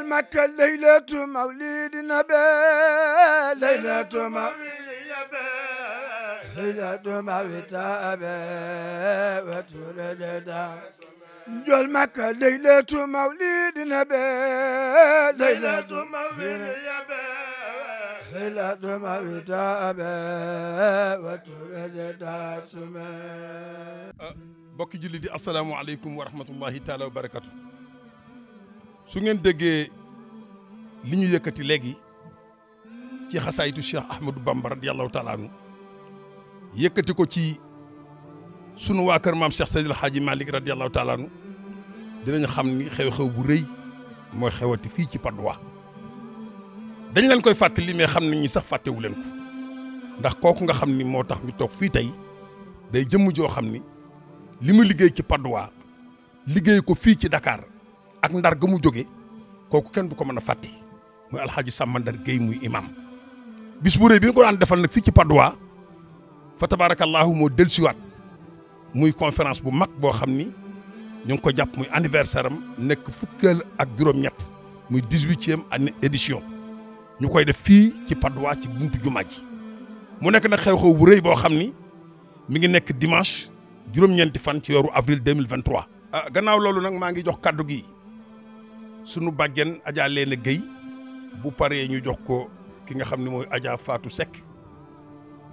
المكة ليلة مولد النبي ليلة مولد ليلة مولد أبي وتولد جل مكة ليلة مولد النبي ليلة مولد النبي ليلة مولد أبي وتولد سمي أه، بوكي جلدي السلام عليكم ورحمة الله تعالى وبركاته su ngeen déggee li ñu yëkkati léegi ci xasaayitu Cheikh Ahmadou Bamba radiyallahu taala anhu yëkkati ko ci sunu waa kër maam Cheikh Seydil Hadji Malick radiyallahu taala anhu dinañ xam ni xew-xew bu rëy mooy xewati fii ci Patte d'Oie dañ leen koy fàttali mais xam nañ ñi sax fàttewu leen ko ndax kooku nga xam ni moo tax ñu toog fii tey day jëmm joo xam ni li mu liggéey ci Patte d'Oie liggéey ko fii ci Dakar ak ndar ga mu jóge kooku kenn du ko mën a fàtte muy alxaaji Sàmmandar Géey muy imam bis bu rëy bi ñu ko daan defal nag fii ci Padois fa tabaarakallaahu moo siwaat muy conférence bu mag boo xam ni ñu ngi ko jàpp muy anniversaire nekk fukkeel ak juróom-ñett muy dix-huitième année édition ñu koy def fii ci Padois ci buntu jumaa ji mu nekk nag xew-xew bu rëy boo xam ni mi ngi nekk dimanche juróom-ñeenti fan ci weeru avril deux mille vingt ah, gannaaw loolu nag maa ngi jox kàddu gi. sunu bàjjen Adja Leena Guèye bu paree ñu jox ko ki nga xam ni mooy Adja Fatou Seck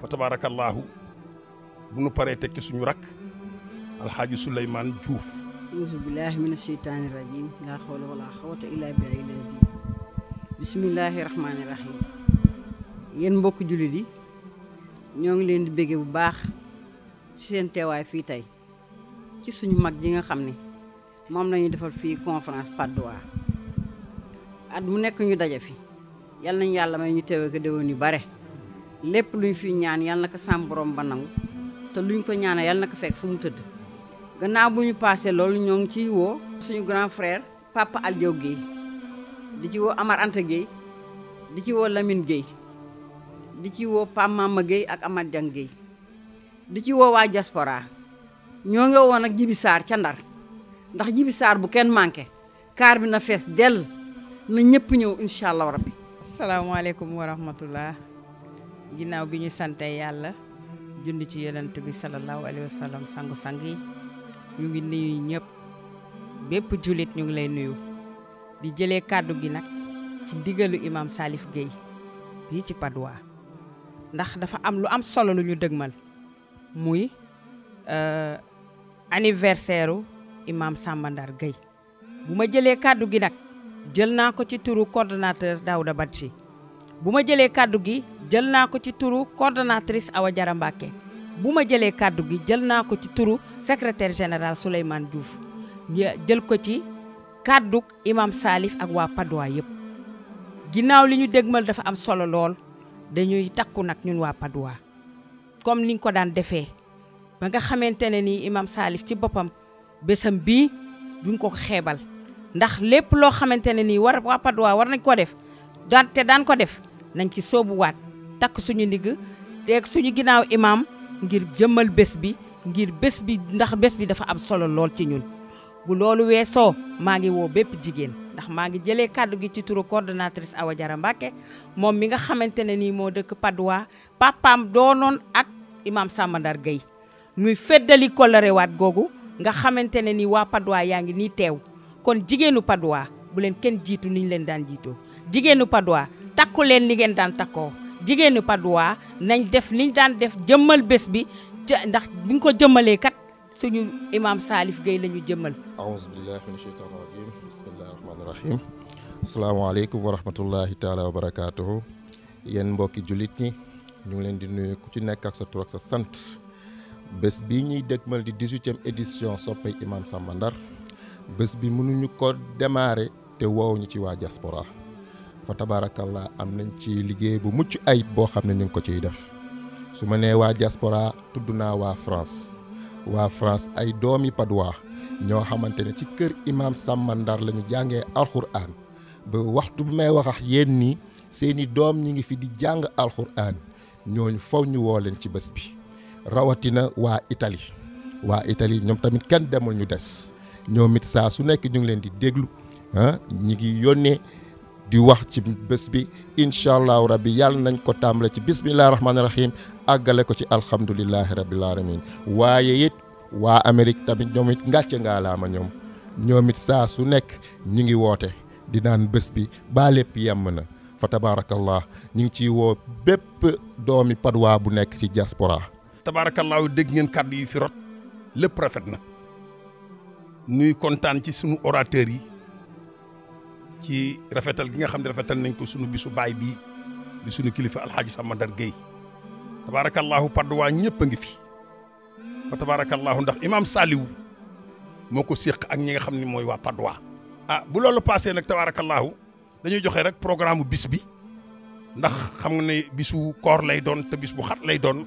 fa tabaarakallaahu bu nu paree te ci suñu rakk alxaaju Souleymane Diouf. auzu billaahi mina sheytaani rajiim laa xawla walaa bismillaahi rahmaani rahiim yéen mbokk jullit yi ñoo ngi leen di béggee bu baax ci seen teewaay fii tey ci suñu mag ji nga xam ni mom lañu defal fi conférence Patte d'Oie at mu nek ñu dajé fi yalla ñu yalla may ñu téwé ko déwon ñu bare lépp luñ fi ñaan yalla naka sam borom ba nang té luñ ko ñaané yalla naka fekk fu mu tudd gannaaw bu ñu paasee loolu ñoo ngi ciy suñu grand frère papa Alioune Guèye di ci wo Amar Anta Guèye di ci wo Lamine Guèye di ci wo Pam Mama Guèye ak Amad jang Guèye di ci wo wa diaspora ñoo nga woon ak Jibi Sarr ca Ndar ndax jibi sar bu ken manke kar bi na fess del na ñepp ñew inshallah allah assalamu alaykum wa rahmatullah ginaaw bi ñu sante yàlla jund ci yelennt bi sallallahu alayhi wasallam sangu sangi ñu ngi nuyu ñepp bepp julit ñu ngi lay nuyu di jëlee kaddu gi nak ci digelu imam Salif gey bi ci padwa ndax dafa am lu am solo lu ñu deggmal muy euh, anniversaire imaam Samba Ndar Gueye bu ma jëlee kàddu gi nag jël naa ko ci turu coordonnateur Daouda Badji bu ma jëlee kàddu gi jël naa ko ci turu coordonnatrice Awa Jara bu ma jëlee kàddu gi jël naa ko ci turu secrétaire général Souleymane Diouf jël ko ci kàddu imaam Salif ak waa Padoa yëpp ginnaaw li ñu dégmal dafa am solo lool dañuy takku nag ñun waa Padoa comme niñ ko daan defee ba nga nii imaam Salif ci boppam bésam bii duñ ko xeebal ndax lépp loo xamante ne nii war waa Patte war nañ ko def daan te daan ko def nañ ci soobuwaat takk suñu ndigg teeg suñu ginnaaw imaam ngir jëmmal bés bi ngir bés bi ndax bés bi dafa am solo lool ci ñun bu loolu weesoo maa ngi woo bépp jigéen ndax maa ngi jëlee kàddu gi ci turu coordonnatrice Awa jara Mbacké moom mi nga xamante ne nii moo dëkk Patte d'Oie papaam doonoon ak imaam Samba Ndar ñuy feddali kollarewaat googu nga xamante ne ni waa Patte yaa ngi nii teew kon jigéenu Patte bu leen kenn jiitu ni leen daan jiitoo jigéenu Patte takku leen ni ngeen daan takkoo jigéenu Patte nañ def li daan def jëmmal bés bi ndax bi nga ko jëmmalee kat suñu imaam Salif Gueye la ñu jëmmal aouzu billahi min sheytaani rajim bismillahi rahmaani rahim asalaamaaleykum wa rahmatullahi taala wa barakaatuhu yéen mbokki jullit ñi ñu ngi leen di nuyu ku ci nekk ak sa tur ak sa sant bés bi ñuy dégmal di dix-huitième édition soppay Imam Samba bés bi mënuñu ko démarrer te wowuñu ci waa diaspora fa tabarakallah am nañ ci liggéey bu mucc ayib boo xam ne ñu ngi ko ciy def su ma nee waa diaspora tudd naa waa France waa France ay doom yi Padois ñoo xamante ne ci kër imaam sàmmandar lañu jàngee alxuraan ba waxtu bi may wax ak yéen nii seeni doom ñi ngi fi di jàng alxuraan ñooñu faw ñu woo leen ci bés bi rawatina waa Italie waa Italie ñoom tamit kenn demul ñu des ñoomit saa su nekk ñu ngi leen di déglu ah ñi ngi yónnee di wax ci bés bi incha allahu rabbi yàlla nañ ko tàmbale ci bismillahi rahmaani rahim àggale ko ci alhamdulillahi rabbil alamin waaye it waa Amérique tamit ñoom it ngàcce ngaa laama ñoom ñoom it saa su nekk ñu ngi woote di naan bés bi baa lépp yemm na fa tabaarakallah ñu ngi ciy woo bépp doomi Padois bu nekk ci diaspora tabarakallah deg ngeen kaddu yi fi rot lépp rafet na nuy contane ci sunu orateur yi ci rafetal gi nga xam rafetal nañ ko sunu bisu bay bi di sunu kilifa Samandar tabarakallah paddu wa ñepp ngi fi fa tabarakallah ndax imam saliw moko sekk ak ñi nga xamni moy wa paddu ah bu loolu passé nak tabarakallah dañuy joxe rek programme bis bi ndax xam nga bisu koor lay doon te bis bu xat lay doon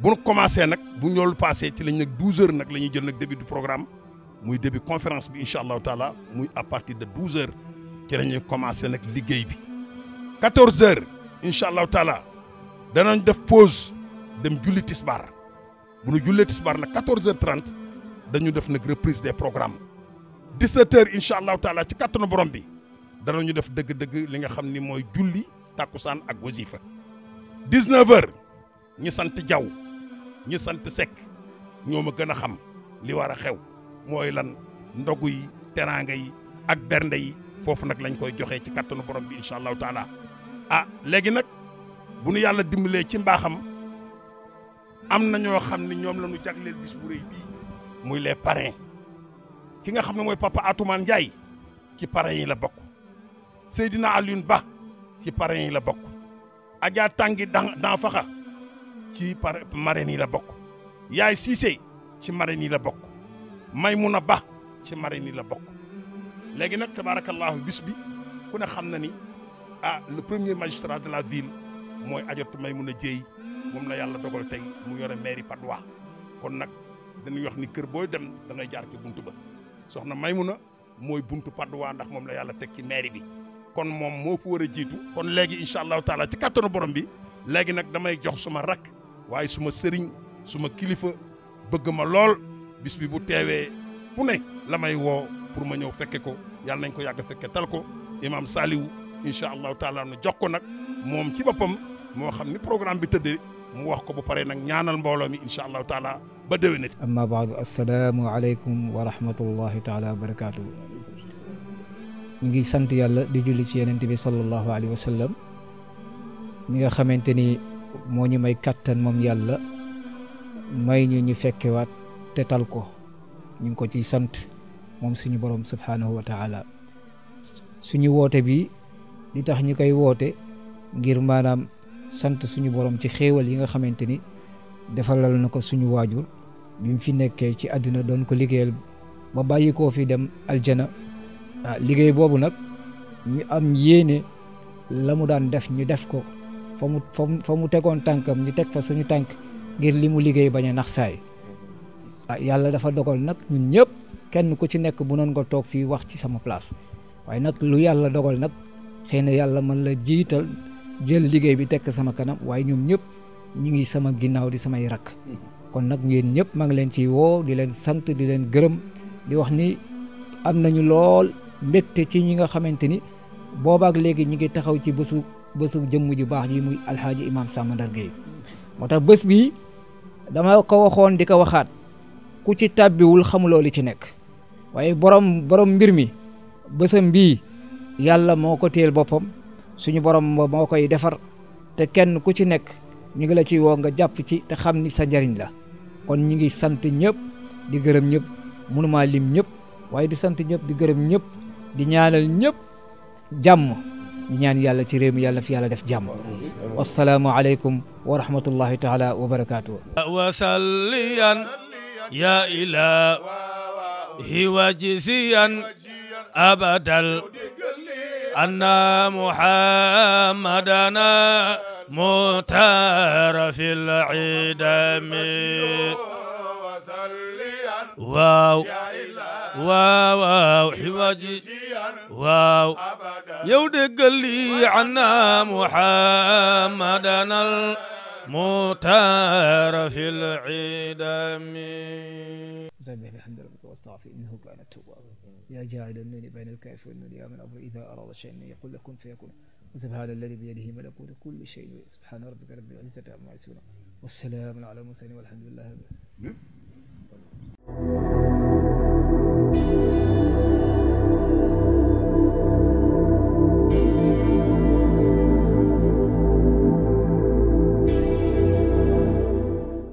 bon commencé nak bu ñol passé ci lañ nak 12h nak lañuy jël nak début du programme muy début conférence bi inshallah taala muy à partir de 12h ci lañuy commencé nak liguey bi 14h inshallah taala danañ def pause dem julli tisbar bu ñu julli tisbar nak 14h30 dañu def nak reprise des programmes 17h inshallah taala ci katanu borom bi danañu def deug deug li nga xamni moy julli takusan ak wazifa 19h ñu sante jaw ñi sant Seck ñoo ma gën a xam li war a xew mooy lan ndogu yi teraanga yi ak bernde yi foofu nag lañ koy joxee ci kattanu borom bi incha allahu taala ah léegi nag bu nu yàlla dimbalee ci mbaaxam am na ñoo xam ne ñoom la ñu jagleel bis bu bii muy les parrains ki nga xam ne mooy papa Atoumane Ndiaye ci parrains yi la bokk Seydina Alioune Ba ci parrains yi la bokk Adja Tangi dan dan faxa ci par marraine yi la bokk yaay Cissé ci marraine nii la bokk may a Ba ci marraine yi la bokk léegi nag tabaarakallaahu bis bi ku ne xam na ni ah le premier magistrat de la ville mooy may Ajaratu a Jéey moom la yàlla dogal tey mu yore mairie Padois kon nag dañuy yox ni kër booy dem da jaar ci buntu ba soxna may mu na mooy buntu Padois ndax moom la yàlla teg ci mairie bi kon moom moo fu war a jiitu kon léegi incha allahu taala ci kattanu borom bi léegi nag damay jox suma rakk waaye suma sëriñ suma kilifa bëgg ma lool bis bi bu teewee fu ne la may woo pour ma ñëw fekke ko yàlla nañ ko yàgg fekke tal ko imam Saliou incha allahu taala nu jox ko nag moom ci boppam moo xam ni programme bi tëddee mu wax ko bu pare nag ñaanal mbooloo mi incha allahu taala ba déwénati amma baadu assalaamu aleykum wa rahmatullahi taala wa barakaatu ngi sant yàlla di julli ci yenente bi sallallahu alayhi wa sallam ni nga xamante ni moo ñu may kàttan moom yàlla may ñu ñu fekkewaat te tal ko ñu ko ciy sant moom suñu borom subhaanahu wa suñu woote bi li tax ñu koy woote ngir maanaam sant suñu borom ci xéewal yi nga xamante ni defalal na ko suñu waajur bi fi nekkee ci àddina doon ko liggéeyal ba bàyyi koo fi dem aljana ah, liggéey boobu nag ñu am yéene lamu mu daan def ñu def ko fa mu fa tankam ñu tek fa suñu tank ngir limu liggey baña nax say ah yàlla dafa dogal nak ñun ñepp kenn ku ci nekk bu non nga tok fi wax ci sama place waaye nak lu yalla dogal nak xeyna yalla man la jital jël liggey bi tek sama kanam waaye ñom ñepp ñi ngi sama ginnaw di sama irak kon nak ngeen ñepp ma ngi leen ci wo di leen sante di leen gërem di wax ni am nañu lool mbekté ci ñi nga xamanteni ni boobaak ñi ngi taxaw ci bësu bësu jëm ju baax ji muy imam samandar gay motax bës bi dama ko waxon di waxat ku ci tàbbiwul xam loolu ci nek waye borom borom mbir mi bësam bi yalla moko teyel bopam suñu borom moo koy defar te kenn ku ci nek ñi ngi la ci wo nga japp ci te xam sa jariñ la kon ñi ngi sant ñëpp di gërëm ñëpp mënumaa lim ñëpp waye di sant ñëpp di di ñaanal jamm ñu ñaan yàlla ci réew mi yàlla na fi yàlla def jàmm wassalaamu aleykum wa rahmatullahi taala wa barakaatu wasalliyan ya ilahi wajisiyan abadal anna muhammadana مختار في العدم واو واو حواجي واو waaw yow عنا lii anna muhammadan في mutaara fi l idami بحمد ربك واستغفر انه كان توابا يا جاعل النور بين الكيف والنور يا من امر اذا اراد شيئا يقول له كن فيكون وسبحان الذي بيده ملكوت كل شيء سبحان ربك رب العزه عما يصفون والسلام على المرسلين والحمد لله